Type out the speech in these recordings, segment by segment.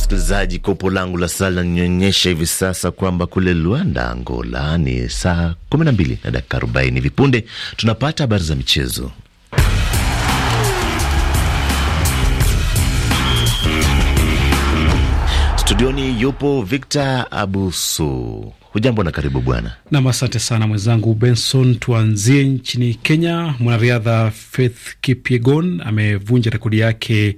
msikilizaji, kopo langu la saa linanionyesha hivi sasa kwamba kule Luanda, Angola ni saa 12 na dakika 40. Vipunde tunapata habari za michezo. Studioni yupo Victor Abuso. Hujambo na karibu bwana. Nam, asante sana mwenzangu Benson. Tuanzie nchini Kenya. Mwanariadha Faith Kipyegon amevunja rekodi yake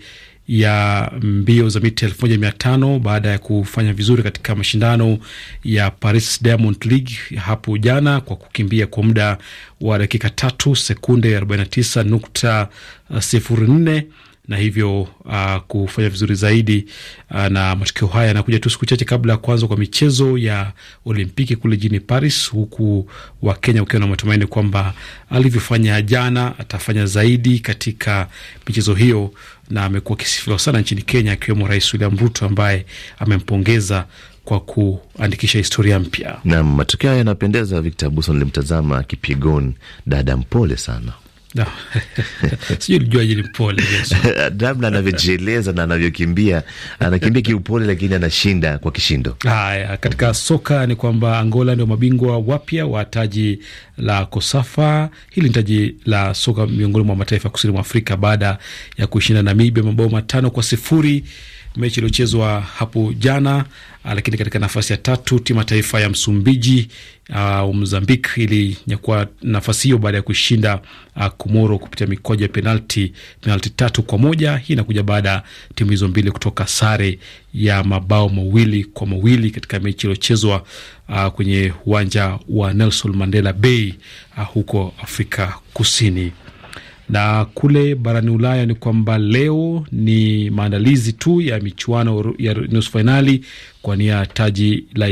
ya mbio za mita elfu moja mia tano baada ya kufanya vizuri katika mashindano ya Paris Diamond League hapo jana kwa kukimbia kwa muda wa dakika tatu sekunde 49 nukta sifuri nne na hivyo uh, kufanya vizuri zaidi uh, na matokeo haya yanakuja tu siku chache kabla ya kuanza kwa michezo ya Olimpiki kule jijini Paris, huku Wakenya wakiwa na matumaini kwamba alivyofanya jana atafanya zaidi katika michezo hiyo, na amekuwa akisifiwa sana nchini Kenya, akiwemo Rais William Ruto ambaye amempongeza kwa kuandikisha historia mpya. Naam, matokeo haya yanapendeza. Victor Buson, nilimtazama kipigon dada mpole sana No. Sijui ni mpole namna anavyojieleza na anavyokimbia, anakimbia kiupole, lakini anashinda kwa kishindo. Haya, katika soka ni kwamba Angola ndio mabingwa wapya wa taji la Kosafa. Hili ni taji la soka miongoni mwa mataifa ya kusini mwa Afrika baada ya kuishinda Namibia mabao matano kwa sifuri mechi iliyochezwa hapo jana. Ah, lakini katika nafasi ya tatu timu ya taifa ya Msumbiji uh, ah, Mzambik ilinyakua nafasi hiyo baada ya kushinda uh, Komoro kupitia mikwaju ya penalti penalti tatu kwa moja. Hii inakuja baada ya timu hizo mbili kutoka sare ya mabao mawili kwa mawili katika mechi iliyochezwa uh, kwenye uwanja wa Nelson Mandela Bay uh, huko Afrika Kusini. Na kule barani Ulaya ni kwamba leo ni maandalizi tu ya michuano ya nusu fainali kwa nia ya taji la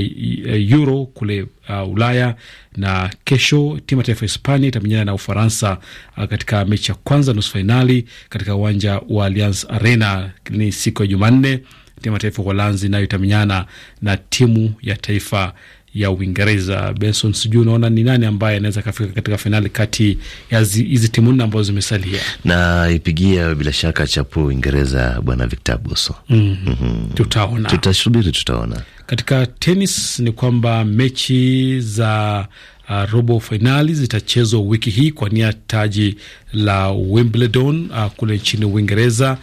Euro kule uh, Ulaya. Na kesho timu ya taifa Hispania itamenyana na Ufaransa uh, katika mechi ya kwanza nusu fainali katika uwanja wa Allianz Arena ni siku ya Jumanne. Timu ya taifa Uholanzi nayo itamenyana na timu ya taifa ya Uingereza. Benson, sijui unaona ni nani ambaye anaweza kafika katika fainali kati ya hizi timu nne ambazo zimesalia, na ipigia bila shaka chapu Uingereza, bwana Victor Buso. mm. mm -hmm. Mm-hmm. Tutaona, tutasubiri, tutaona. Katika tenis ni kwamba mechi za Uh, robo fainali zitachezwa wiki hii kwa nia taji la Wimbledon uh, kule nchini Uingereza.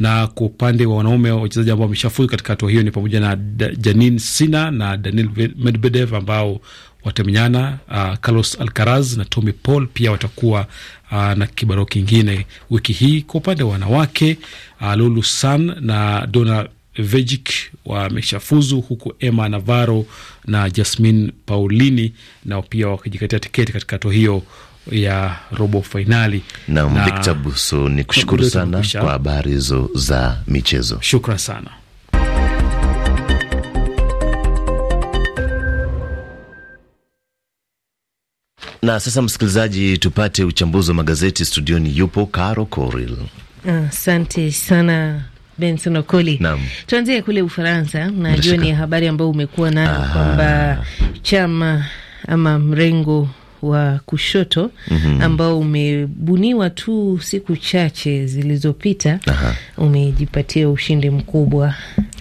Na kwa upande wa wanaume wachezaji ambao wameshafuzu katika hatua hiyo ni pamoja na Janin Sina na Daniel Medvedev ambao watamenyana. Uh, Carlos Alcaraz na Tommy Paul pia watakuwa uh, na kibarua kingine wiki hii. Kwa upande wa wanawake uh, Lulu San na Donna Vejic wameshafuzu huku Emma Navarro na Jasmin Paulini nao pia wakijikatia tiketi katika hatua hiyo ya robo fainali. na Victor Buso, ni kushukuru sana kwa habari hizo za michezo. Shukran sana. Na sasa, msikilizaji, tupate uchambuzi wa magazeti. Studioni yupo Karo Coril. Asante ah, sana Benson Okoli, tuanzie kule Ufaransa. Najua ni habari ambayo umekuwa nayo kwamba chama ama mrengo wa kushoto mm -hmm. ambao umebuniwa tu siku chache zilizopita umejipatia ushindi mkubwa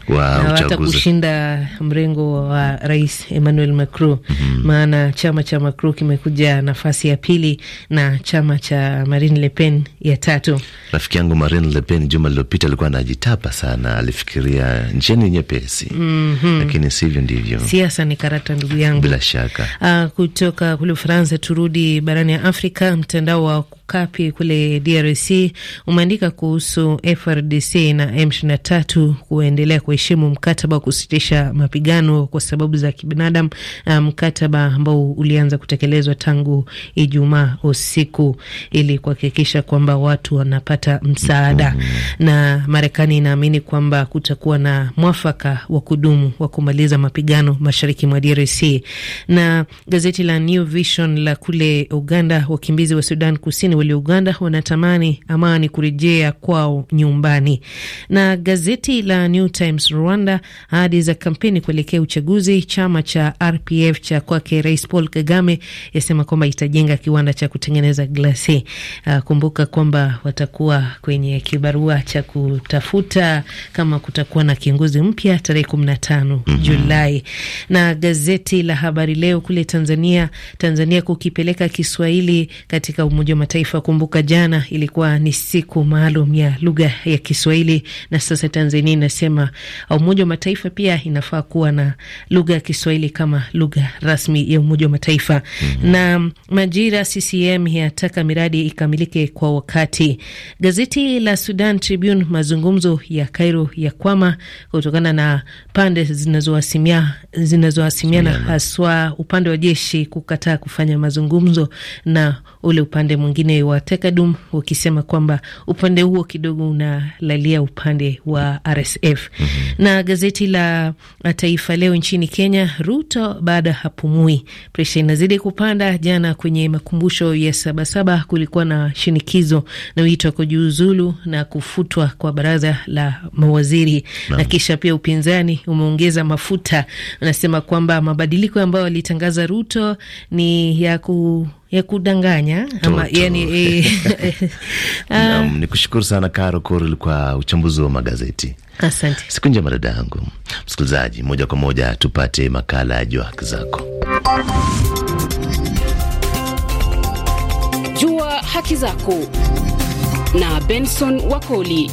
wa uchaguzi kushinda mrengo wa Rais Emmanuel Macron mm -hmm. Maana chama cha Macron kimekuja nafasi ya pili na chama cha Marine Le Pen ya tatu. Rafiki yangu Marine Le Pen juma lililopita alikuwa anajitapa sana, alifikiria njeni nyepesi mm -hmm. Lakini sivyo ndivyo, siasa ni karata, ndugu yangu, bila shaka. Uh, kutoka kule Ufaransa turudi barani ya Afrika, mtandao wa Okapi kule DRC umeandika kuhusu FRDC na M23 kuendelea kuheshimu mkataba wa kusitisha mapigano kwa sababu za kibinadamu, uh, mkataba ambao ulianza kutekelezwa tangu Ijumaa usiku ili kuhakikisha kwamba watu wanapata msaada. Na Marekani inaamini kwamba kutakuwa na mwafaka wa kudumu wa kumaliza mapigano mashariki mwa DRC. Na gazeti la New Vision la kule Uganda, wakimbizi wa Sudan Kusini walio Uganda wanatamani amani kurejea kwao nyumbani. Na gazeti la New Times Rwanda, ahadi za kampeni kuelekea uchaguzi. Chama cha RPF cha kwake Rais Paul Kagame yasema kwamba itajenga kiwanda cha kutengeneza glasi. Uh, kumbuka kwamba watakuwa kwenye kibarua cha kutafuta kama kutakuwa na kiongozi mpya tarehe 15 mm -hmm. Julai. Na gazeti la Habari Leo kule Tanzania, Tanzania kukipeleka Kiswahili katika Umoja wa Mataifa kimataifa. Kumbuka jana ilikuwa ni siku maalum ya lugha ya Kiswahili, na sasa Tanzania inasema Umoja wa Mataifa pia inafaa kuwa na lugha ya Kiswahili kama lugha rasmi ya Umoja wa Mataifa. mm -hmm. Na Majira CCM yataka miradi ikamilike kwa wakati. Gazeti la Sudan Tribune, mazungumzo ya Cairo ya kwama kutokana na pande zinazohasimiana zinazohasimiana haswa upande wa jeshi kukataa kufanya mazungumzo na ule upande mwingine wa Tekadum wakisema kwamba upande huo kidogo unalalia upande wa RSF. mm -hmm. Na gazeti la Taifa Leo nchini Kenya, Ruto baada hapumui, presha inazidi kupanda. Jana kwenye makumbusho ya Sabasaba kulikuwa na shinikizo na wito wa kujiuzulu na kufutwa kwa baraza la mawaziri na, na kisha pia upinzani umeongeza mafuta, anasema kwamba mabadiliko ambayo alitangaza Ruto ni ya ku ya kudanganya ama yani, e, Naam, ah. kushukuru sana Karo Koril kwa uchambuzi wa magazeti. Asante. Siku njema dada yangu msikilizaji. Moja kwa moja tupate makala ya Jua Haki Zako. Jua Haki Zako na Benson Wakoli.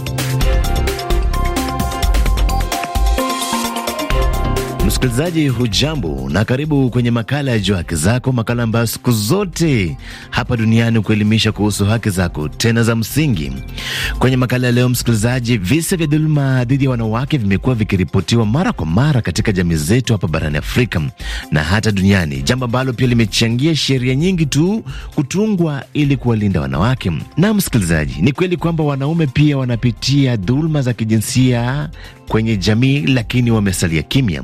Msikilizaji hujambo na karibu kwenye makala ya Jua Haki Zako, makala ambayo siku zote hapa duniani kuelimisha kuhusu haki zako tena za msingi. Kwenye makala ya leo, msikilizaji, visa vya dhuluma dhidi ya wanawake vimekuwa vikiripotiwa mara kwa mara katika jamii zetu hapa barani Afrika na hata duniani, jambo ambalo pia limechangia sheria nyingi tu kutungwa ili kuwalinda wanawake. Na msikilizaji, ni kweli kwamba wanaume pia wanapitia dhuluma za kijinsia kwenye jamii, lakini wamesalia kimya.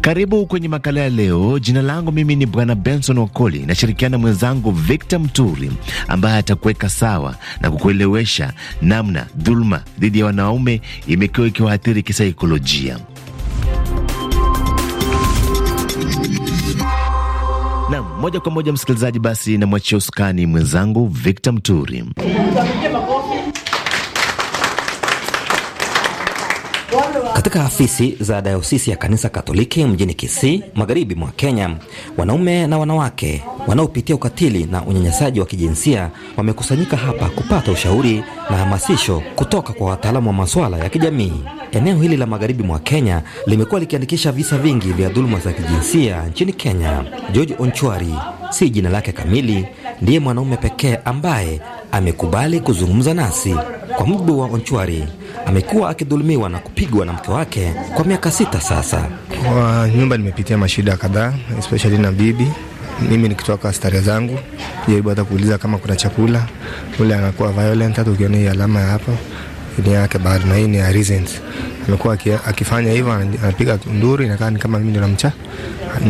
Karibu kwenye makala ya leo. Jina langu mimi ni Bwana Benson Wakoli, nashirikiana mwenzangu Victor Mturi ambaye atakuweka sawa na kukuelewesha namna dhuluma dhidi ya wanaume imekuwa ikiwaathiri kisaikolojia. Nam moja kwa moja, msikilizaji, basi namwachia usukani mwenzangu Victor Mturi. Katika afisi za dayosisi ya kanisa Katoliki mjini Kisii, magharibi mwa Kenya, wanaume na wanawake wanaopitia ukatili na unyanyasaji wa kijinsia wamekusanyika hapa kupata ushauri na hamasisho kutoka kwa wataalamu wa masuala ya kijamii. Eneo hili la magharibi mwa Kenya limekuwa likiandikisha visa vingi vya dhuluma za kijinsia nchini Kenya. George Onchwari, si jina lake kamili, ndiye mwanaume pekee ambaye amekubali kuzungumza nasi. Kwa mujibu wa Onchwari, amekuwa akidhulumiwa na kupigwa na mke wake kwa miaka sita sasa. Kwa nyumba nimepitia mashida kadhaa, especially na bibi mimi nikitoka starehe zangu, jaribu hata kuuliza kama kuna chakula, ule anakuwa violent. Hata ukiona hii alama ya hapa ni yake bado, na hii ni reasons amekuwa akifanya hivyo, anapiga nduru, inakaa ni kama mimi ndo namcha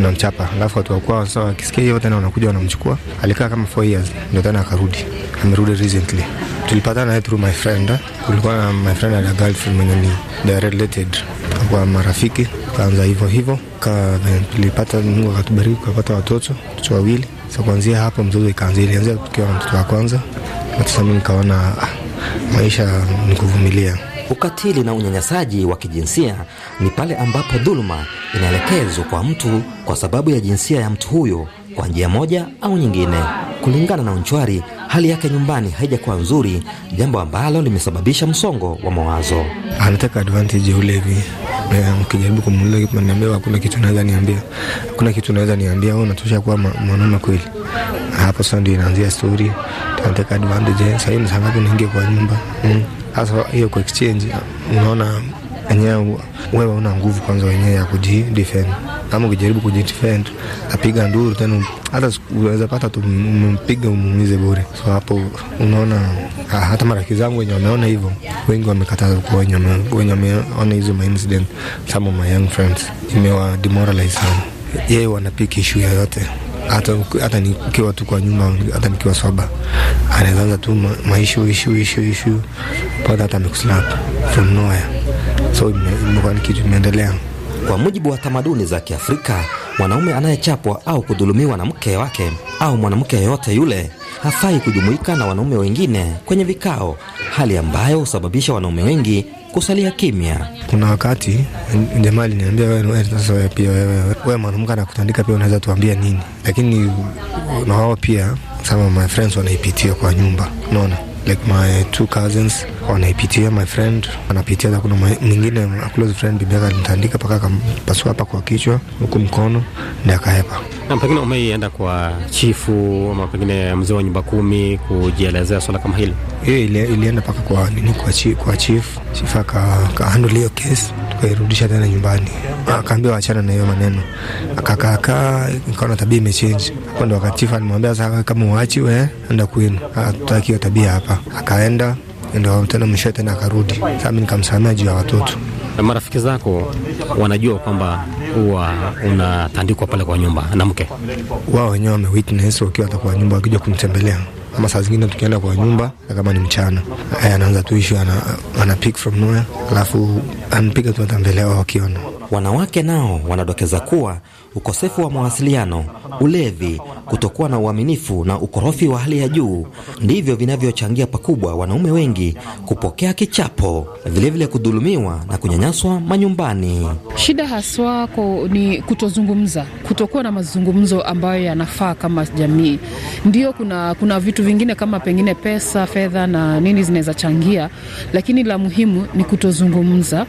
namchapa, alafu watu wakuwa sasa wakisikia hiyo tena wanakuja wanamchukua. Alikaa kama 4 years ndo tena akarudi, amerudi recently tulipatana naye through my friend. Kulikuwa na my friend ana girlfriend mwenye ni they related, kwa marafiki kaanza hivyo hivyo, ka tulipata Mungu akatubariki kupata watoto watoto wawili. So kuanzia hapo mzozo ikaanza, ilianza tukiwa na mtoto wa kwanza, na sasa mimi nikaona ah, maisha ni kuvumilia. Ukatili na unyanyasaji wa kijinsia ni pale ambapo dhuluma inaelekezwa kwa mtu kwa sababu ya jinsia ya mtu huyo kwa njia moja au nyingine. Kulingana na Unchwari, hali yake nyumbani haijakuwa nzuri, jambo ambalo limesababisha msongo wa mawazo. Anataka advantage ya ulevi. Mkijaribu kumuuliza kitu ananiambia hakuna kitu naweza niambia, hakuna kitu naweza niambia, wewe unatosha kuwa mwanaume kweli. Hapo sasa ndio inaanzia story, anataka advantage. Sasa hivi ni sangapi naingia kwa nyumba hasa hmm. hiyo kwa exchange, unaona enyewe wewe una nguvu kwanza wenyewe ya kujidefend, ama ukijaribu kujidefend apiga nduru tena, hata unaweza pata tu mpiga umuumize bure. So hapo unaona ah, hata marafiki zangu wenye wameona hivyo wengi wamekataza kuwa wenye wameona hizo maincident, some of my young friends imewa demoralize sana. Yeye wanapiki ishu yoyote hata, hata nikiwa tu kwa nyumba, hata nikiwa saba, anaanza tu maishu ishu ishu ishu pata hata amekuslap from nowhere so imekuwa ni kitu imeendelea. Kwa mujibu wa tamaduni za Kiafrika, mwanaume anayechapwa au kudhulumiwa na mke wake au mwanamke yeyote yule hafai kujumuika na wanaume wengine kwenye vikao, hali ambayo husababisha wanaume wengi kusalia kimya. Kuna wakati jamaa aliniambia, wewe sasa, pia wewe, wewe mwanamke anakutandika pia unaweza tuambia nini? Lakini na wao pia, sama my friends wanaipitia kwa nyumba, unaona like my two cousins wanaipitia, my friend anapitia, na kuna mwingine my close friend bibiaka alimtandika mpaka akampasua hapa kwa kichwa huku mkono ndi akahepa. Na pengine umeienda kwa chifu ama pengine mzee wa nyumba kumi kujielezea swala kama hili? Hiyo ilienda mpaka kwa nini, kwa chief, kwa chief chief akahandle hiyo kesi tukairudisha tena nyumbani. Akaambia waachana na hiyo maneno, akakaakaa, nikaona tabia imechange. Hapo ndo wakati chifu alimwambia sasa, kama uachi we eh, enda kwenu, hatutaki hiyo tabia hapa. Akaenda ndo tena mwishowe tena akarudi. Sasa mi nikamsamia juu ya watoto marafiki zako wanajua kwamba huwa unatandikwa pale kwa nyumba na mke wao, wenyewe wamewitness wakiwa hata kwa nyumba wakija kumtembelea ama saa zingine tukienda kwa nyumba kama ni mchana, eh, anaanza tu ishu ana, ana pick from nowhere alafu anapiga tu hata mbele wao wakiona. Wanawake nao wanadokeza kuwa ukosefu wa mawasiliano, ulevi, kutokuwa na uaminifu na ukorofi wa hali ya juu ndivyo vinavyochangia pakubwa wanaume wengi kupokea kichapo, vilevile kudhulumiwa na kunyanyaswa manyumbani. Shida haswa ni kutozungumza, kutokuwa na mazungumzo ambayo yanafaa kama jamii. Ndio kuna, kuna vitu vingine kama pengine pesa, fedha na nini zinaweza changia, lakini la muhimu ni kutozungumza.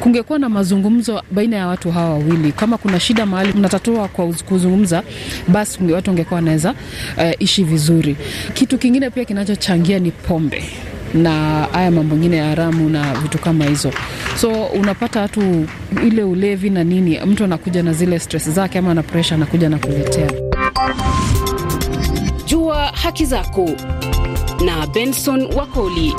Kungekuwa na mazungumzo baina ya watu hawa wawili, kama kuna shida mahali tunatatua kwa kuzungumza, basi watu wangekuwa wanaweza uh, ishi vizuri. Kitu kingine pia kinachochangia ni pombe na haya mambo mengine ya haramu na vitu kama hizo. So unapata watu ile ulevi na nini, mtu anakuja na zile stress zake ama na pressure anakuja na kuletea. Jua haki zako na Benson Wakoli.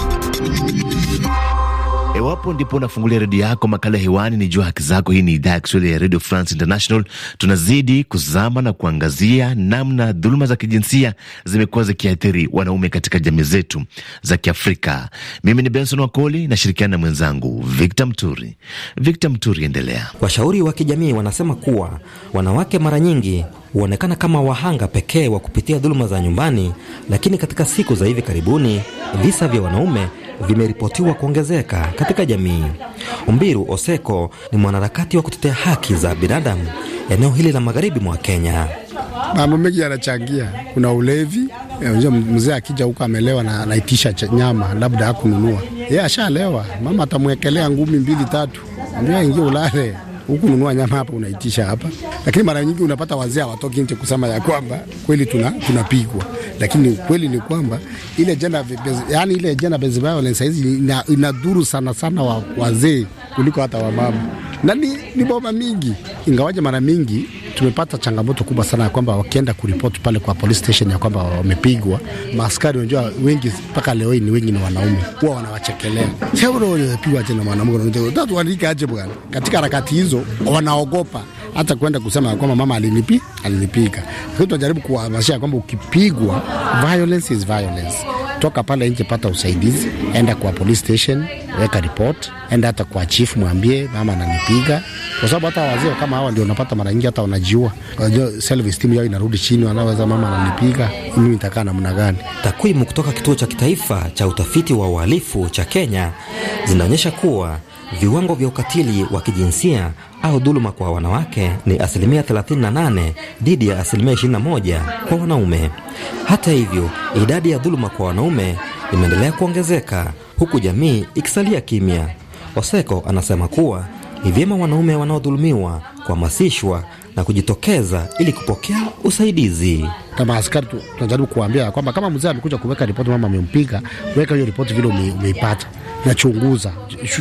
Ewapo ndipo unafungulia redio yako, makala hewani ni Jua Haki Zako. Hii ni idhaa ya Kiswahili ya Radio France International. Tunazidi kuzama na kuangazia namna dhuluma za kijinsia zimekuwa zikiathiri wanaume katika jamii zetu za Kiafrika. Mimi ni Benson Wakoli, nashirikiana na mwenzangu Victor Mturi. Victor Mturi, endelea. Washauri wa kijamii wanasema kuwa wanawake mara nyingi huonekana kama wahanga pekee wa kupitia dhuluma za nyumbani, lakini katika siku za hivi karibuni visa vya wanaume vimeripotiwa kuongezeka katika jamii. umbiru Oseko ni mwanaharakati wa kutetea haki za binadamu eneo hili la magharibi mwa Kenya. Mambo mengi yanachangia, kuna ulevi. Eh, mzee akija huko amelewa na anaitisha nyama, labda hakununua yeye, ashalewa, mama atamwekelea ngumi mbili tatu, ambia ingia ulale huku nunua nyama hapa, unaitisha hapa. Lakini mara nyingi unapata wazee hawatoki nje kusema ya kwamba kweli tuna tunapigwa, lakini ukweli ni kwamba ile jana, yani ile jana bezibayo saizi inadhuru sana sana wa wazee kuliko hata wamama na ni, ni boma mingi, ingawaje mara mingi tumepata changamoto kubwa sana ya kwamba wakienda kuripoti pale kwa police station ya kwamba wamepigwa, maaskari unajua, wengi mpaka leo hii ni wengi ni wanaume, huwa wanawachekelea pigwa tena mwanamke tatu wanika aje bwana. Katika harakati hizo wanaogopa hata kwenda kusema ya kwamba mama alinipi alinipiga, lakini tunajaribu kuwahamasisha kwamba ukipigwa, violence is violence Toka pale nje, pata usaidizi, enda kwa police station, weka report, enda hata kwa chief, mwambie mama ananipiga. Kwa sababu hata wazee kama hawa ndio unapata mara nyingi hata wanajiua, self esteem yao inarudi chini, wanaweza mama ananipiga, mimi nitakaa namna gani? Takwimu kutoka kituo cha kitaifa cha utafiti wa uhalifu cha Kenya zinaonyesha kuwa Viwango vya ukatili wa kijinsia au dhuluma kwa wanawake ni asilimia 38 dhidi ya asilimia 21 kwa wanaume. Hata hivyo, idadi ya dhuluma kwa wanaume imeendelea kuongezeka huku jamii ikisalia kimya. Oseko anasema kuwa ni vyema wanaume wanaodhulumiwa kuhamasishwa na kujitokeza ili kupokea usaidizi na maaskari tunajaribu kuambia kwamba kama mzee amekuja kuweka ripoti, mama amempiga, weka hiyo ripoti vile umeipata nachunguza,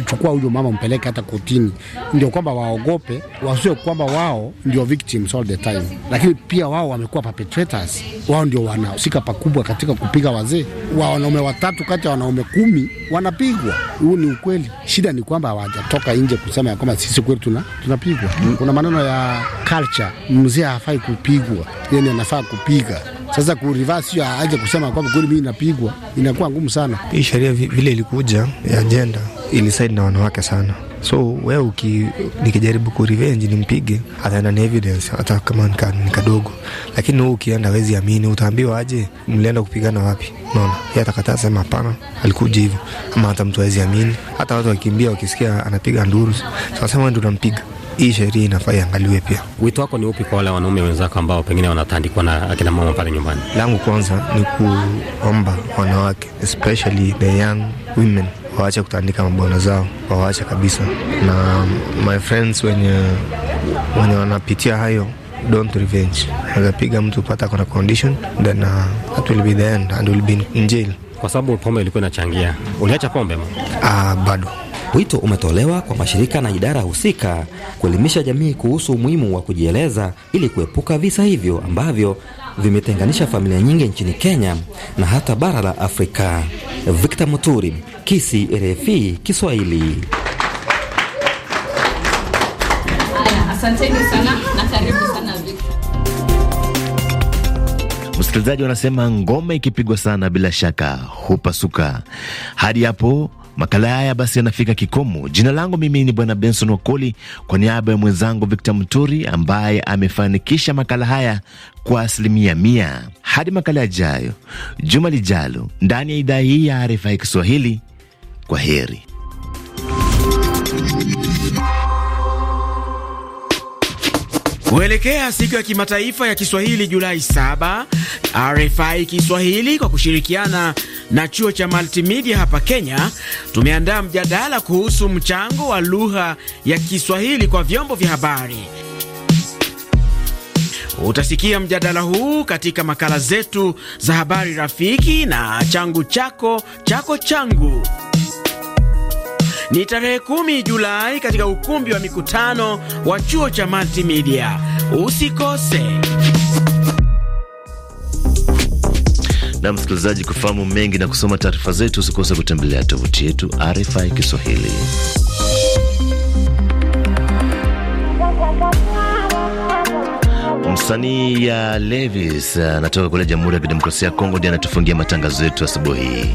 chukua huyo mama mpeleke hata kotini, ndio kwamba waogope, wasio kwamba wao ndio victims all the time, lakini pia wao wamekuwa perpetrators. Wao ndio wanahusika pakubwa katika kupiga wazee wa wanaume watatu kati ya wanaume kumi wanapigwa. Huu ni ukweli. Shida ni kwamba hawajatoka nje kusema ya kwamba sisi kweli tuna tunapigwa. Kuna maneno ya culture, mzee hafai kupigwa, yani anafaa kupigwa kupigika. Sasa ku reverse aje kusema kwamba kweli mimi napigwa, inakuwa ngumu sana. Hii sheria vile ilikuja ya jenda iliside na wanawake sana so wewe uki nikijaribu ku revenge nimpige ataenda ni evidence hata kama ni kadogo, lakini wewe ukienda wezi amini, utaambiwa aje mlienda kupigana wapi? Unaona, yeye atakataa sema hapana, alikuja hivyo, ama hata mtu wezi amini, hata watu wakimbia wakisikia anapiga nduru, sasa wewe ndio unampiga hii sheria inafaa iangaliwe pia. Wito wako ni upi kwa wale wanaume wenzako ambao pengine wanatandikwa na akina mama pale nyumbani? Langu kwanza ni kuomba wanawake especially the young women waache kutandika mabwana zao, wawache kabisa. Na my friends wenye, wenye wanapitia hayo don't revenge. wazapiga mtu pata kona condition then uh, that will be the end and will be in jail. Kwa sababu pombe ilikuwa inachangia, uliacha pombe? Ah, bado Wito umetolewa kwa mashirika na idara husika kuelimisha jamii kuhusu umuhimu wa kujieleza ili kuepuka visa hivyo ambavyo vimetenganisha familia nyingi nchini Kenya na hata bara la Afrika. Victor Muturi, Kisi, RFI Kiswahili. Asanteni sana na karibu sana Victor. Msikilizaji, wanasema ngoma ikipigwa sana bila shaka hupasuka. Hadi hapo Makala haya basi yanafika kikomo. Jina langu mimi ni Bwana Benson Wakoli, kwa niaba ya mwenzangu Victor Mturi ambaye amefanikisha makala haya kwa asilimia mia. Hadi makala yajayo juma lijalo, ndani ya idhaa hii ya RFI Kiswahili. Kwa heri. Kuelekea siku ya kimataifa ya Kiswahili Julai 7, RFI Kiswahili kwa kushirikiana na chuo cha Multimedia hapa Kenya tumeandaa mjadala kuhusu mchango wa lugha ya Kiswahili kwa vyombo vya habari. Utasikia mjadala huu katika makala zetu za habari rafiki na changu chako chako changu ni tarehe kumi Julai katika ukumbi wa mikutano wa chuo cha Multimedia. Usikose. Na msikilizaji, kufahamu mengi na kusoma taarifa zetu, usikose kutembelea tovuti yetu RFI Kiswahili. Msanii ya Levis uh, anatoka kule Jamhuri ya Kidemokrasia ya Kongo ndiye anatufungia matangazo yetu asubuhi hii.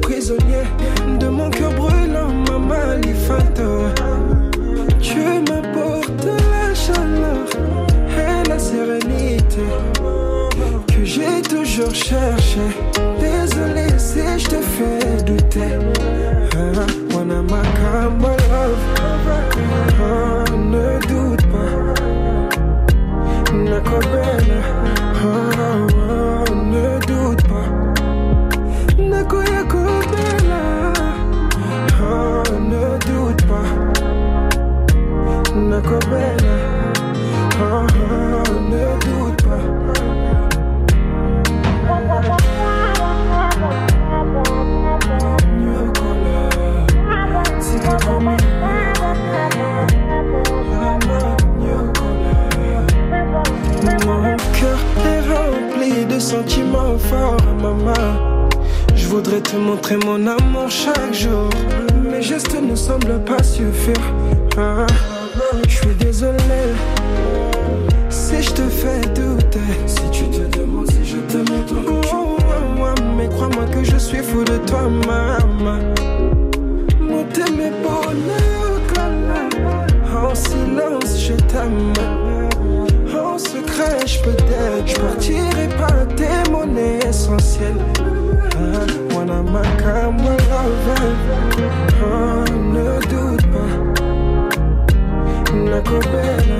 prisonnier de mon cœur brûlant, ma malifate. Tu me m'apportes la chaleur et la sérénité que j'ai toujours cherché. Désolé si je te fais douter. Mon ah, wanna my love. Oh, ne doute pas. Oh, Comme uh-huh, ne doute pas Mon cœur est rempli de sentiments forts, maman. Je voudrais te montrer mon amour chaque jour. Mes gestes ne semblent pas suffire. Ah suis désolé si je te fais douter. Si tu te demandes si je te montre Moi, oh, oh, oh, mais crois-moi que je suis fou de toi, maman. Montez mes bonheurs en silence, je t'aime. En secret, je peux être je partirai pas tes monnaies essentielles. Hein, voilà ma my go better.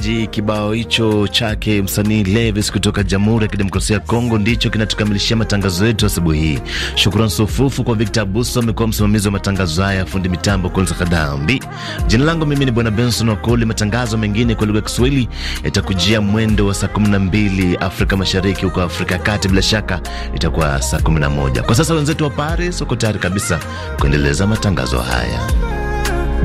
msikilizaji, kibao hicho chake msanii Levis kutoka Jamhuri ya Kidemokrasia ya Kongo ndicho kinatukamilishia matangazo yetu asubuhi hii. Shukran sufufu kwa Victor Abuso, amekuwa msimamizi wa matangazo haya, fundi mitambo Kolza Kadambi. Jina langu mimi ni Bwana Benson Wakoli. Matangazo mengine kwa lugha ya Kiswahili yatakujia mwendo wa saa 12 Afrika Mashariki, huko Afrika ya Kati bila shaka itakuwa saa 11. Kwa sasa wenzetu wa Paris wako tayari kabisa kuendeleza matangazo haya.